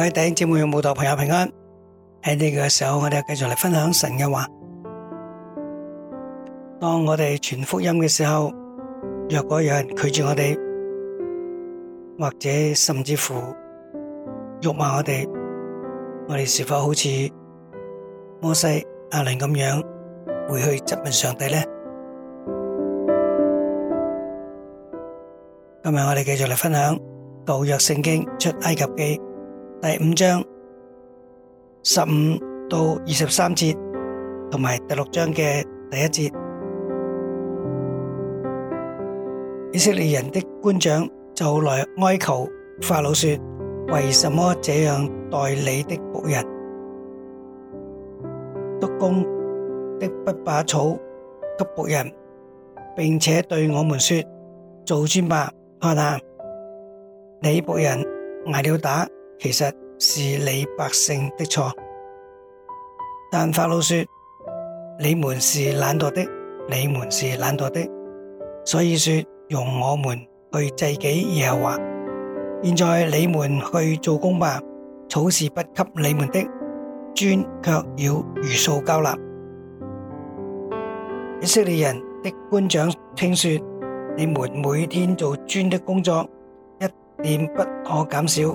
各位頂節目嘅聽眾朋友平安，喺呢個時候我哋繼續嚟分享神嘅話。當我哋傳福音嘅時候，若果有人拒絕我哋，或者甚至乎辱罵我哋，我哋是否好似摩西、阿倫咁樣回去質問上帝呢？今日我哋繼續嚟分享舊約聖經《出埃及記》。第五章十五到二十三節，同埋第六章嘅第一節，以色列人的官長就來哀求法老說：為什麼這樣待你的僕人？督工的不把草給僕人，並且對我們說：做磚吧，看啊，你僕人挨了打。其實是你百姓的錯，但法老說：你們是懶惰的，你們是懶惰的。所以說容我們去祭祀耶和華。現在你們去做工吧，草是不給你們的，磚卻要如數交納。以色列人的官長聽說，你們每天做磚的工作一點不可減少。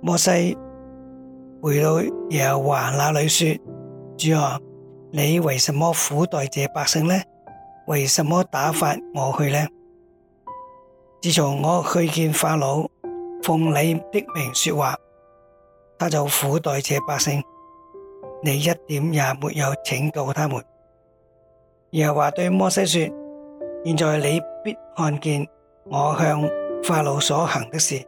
摩西回到耶和華那裡說：主啊，你為什麼苦待這百姓呢？為什麼打發我去呢？自從我去見法老，奉你的名說話，他就苦待這百姓，你一點也沒有拯救他們。耶和華對摩西說：現在你必看見我向法老所行的事。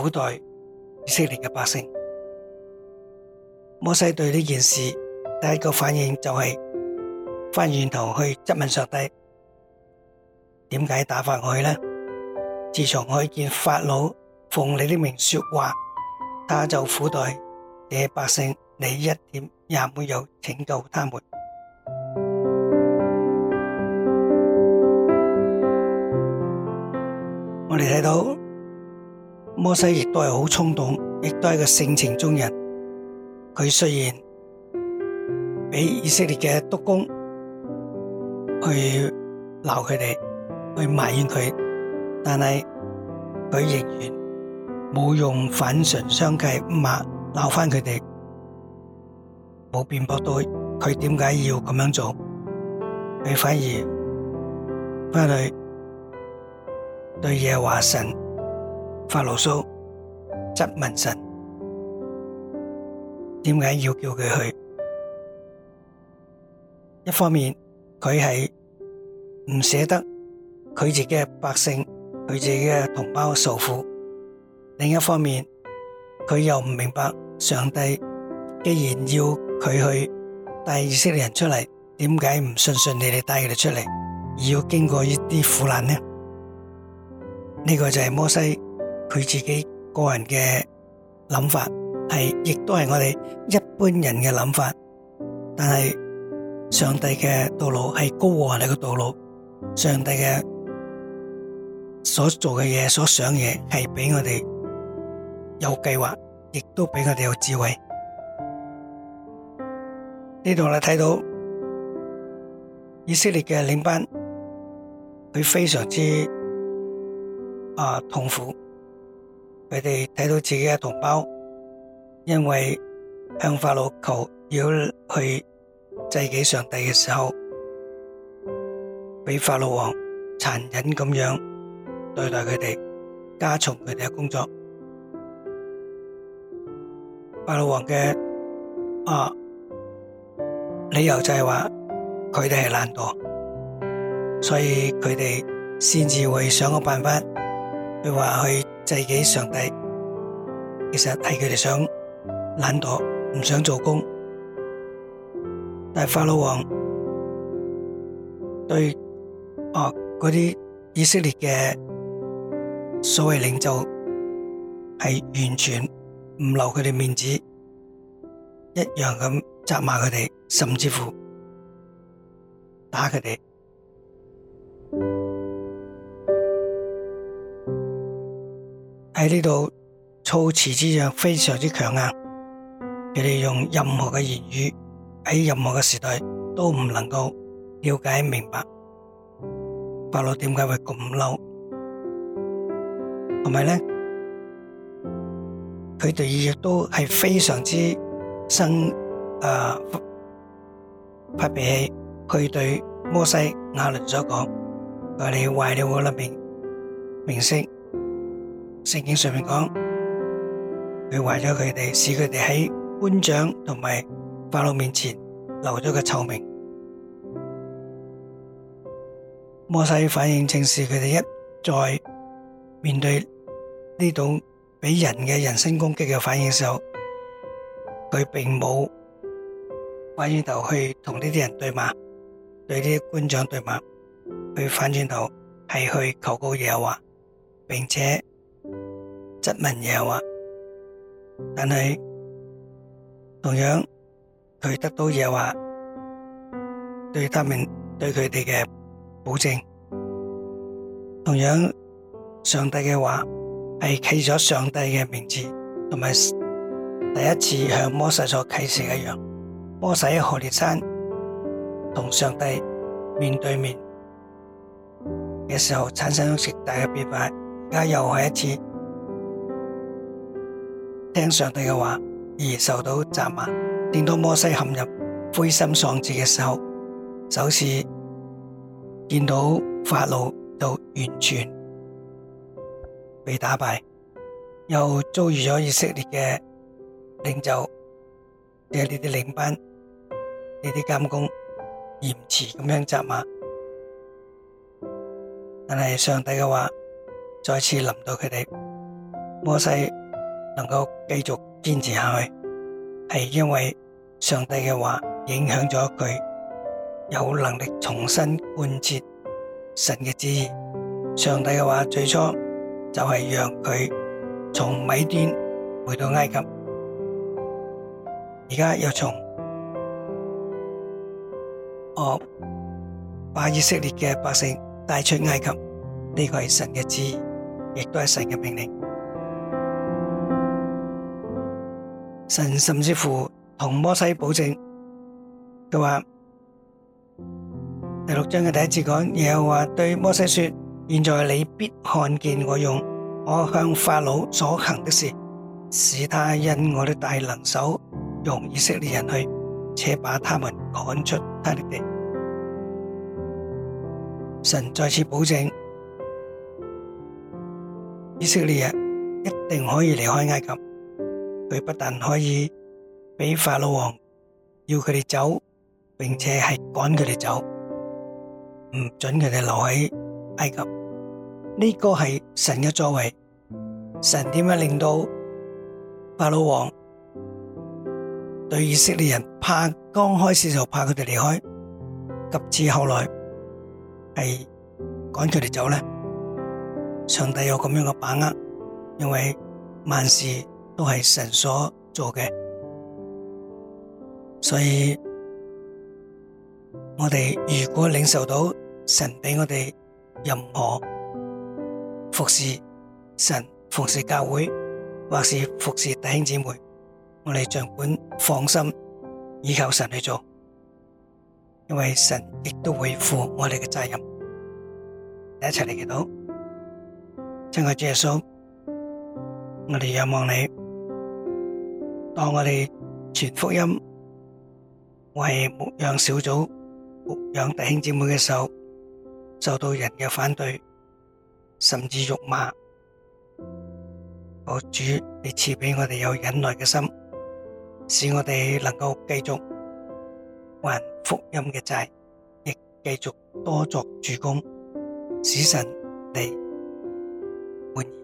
苦待以色列嘅百姓，摩西對呢件事第一個反應就係翻轉頭去質問上帝：點解打發我去呢？自從我見法老奉你的名說話，他就苦待這百姓，你一點也沒有拯救他們。我哋睇到。摩西亦都係好衝動，亦都係個性情中人。佢雖然俾以色列嘅督工去鬧佢哋，去埋怨佢，但係佢仍然冇用反唇相譏咁罵鬧翻佢哋，冇辯駁到佢點解要咁樣做，佢反而翻去對耶和華神。發牢騷，質問神：點解要叫佢去？一方面佢係唔捨得佢自己嘅百姓，佢自己嘅同胞受苦；另一方面，佢又唔明白上帝既然要佢去帶以色列人出嚟，點解唔順順利利帶佢哋出嚟，而要經過呢啲苦難呢？呢個就係摩西。佢自己個人嘅諗法係，亦都係我哋一般人嘅諗法。但係上帝嘅道路係高過我哋嘅道路。上帝嘅所做嘅嘢，所想嘅嘢，係俾我哋有計劃，亦都俾我哋有智慧。呢度我睇到以色列嘅領班，佢非常之啊痛苦。佢哋睇到自己嘅同胞，因為向法老求要去祭己上帝嘅時候，俾法老王殘忍咁樣對待佢哋，加重佢哋嘅工作。法老王嘅，啊，理由就係話佢哋係懶惰，所以佢哋先至會想個辦法，譬如話去。祭己上帝，其實係佢哋想懶惰，唔想做工。但係法老王對哦嗰啲以色列嘅所謂領袖，係完全唔留佢哋面子，一樣咁責罵佢哋，甚至乎打佢哋。喺呢度措辭之上非常之強硬，佢哋用任何嘅言語喺任何嘅時代都唔能夠了解明白，法老點解會咁嬲？同埋咧，佢哋亦都係非常之生誒，發脾氣。佢對摩西亞倫所講：話你壞了我粒名名聲。聖經上面講，佢壞咗佢哋，使佢哋喺官長同埋法老面前留咗個臭名。摩西反應正是佢哋一再面對呢種俾人嘅人身攻擊嘅反應時候，佢並冇反轉頭去同呢啲人對罵，對呢啲官長對罵，佢反轉頭係去求告耶和華，並且。質問耶和華，但係同樣佢得到耶和華，對他，對他們對佢哋嘅保證，同樣上帝嘅話係啟咗上帝嘅名字，同埋第一次向摩西所啟示一樣，摩西喺何烈山同上帝面對面嘅時候產生咗極大嘅變化，而家又係一次。聽上帝嘅話而受到責罵，正當摩西陷入灰心喪志嘅時候，首次見到法老就完全被打敗，又遭遇咗以色列嘅領袖，即係呢啲領班、呢啲監工嚴詞咁樣責罵，但係上帝嘅話再次臨到佢哋，摩西。能夠繼續堅持下去，係因為上帝嘅話影響咗佢，有能力重新貫徹神嘅旨意。上帝嘅話最初就係讓佢從米甸回到埃及，而家又從哦把以色列嘅百姓帶出埃及，呢個係神嘅旨意，亦都係神嘅命令。神甚至乎同摩西保證，佢話第六章嘅第一節講，又話對摩西說：現在你必看見我用我向法老所行的事，使他因我的大能手，用以色列人去，且把他們趕出他的地。神再次保證，以色列人一定可以離開埃及。佢不但可以畀法老王要佢哋走，並且係趕佢哋走，唔准佢哋留喺埃及。呢個係神嘅作為，神點樣令到法老王對以色列人怕？剛開始就怕佢哋離開，及至後來係趕佢哋走咧。上帝有咁樣嘅把握，因為萬事。都係神所做嘅，所以我哋如果領受到神俾我哋任何服侍神、服侍教會，或是服侍弟兄姊妹，我哋盡管放心，依靠神去做，因為神亦都會負我哋嘅責任。一齊嚟祈禱，親愛主耶穌，我哋仰望你。當我哋傳福音，為牧養小組、牧養弟兄姊妹嘅時候，受到人嘅反對，甚至辱罵，我主你賜畀我哋有忍耐嘅心，使我哋能夠繼續還福音嘅債，亦繼續多作主工，使神你滿意。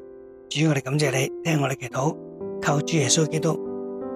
主，我哋感謝你，聽我哋祈禱，靠主耶穌基督。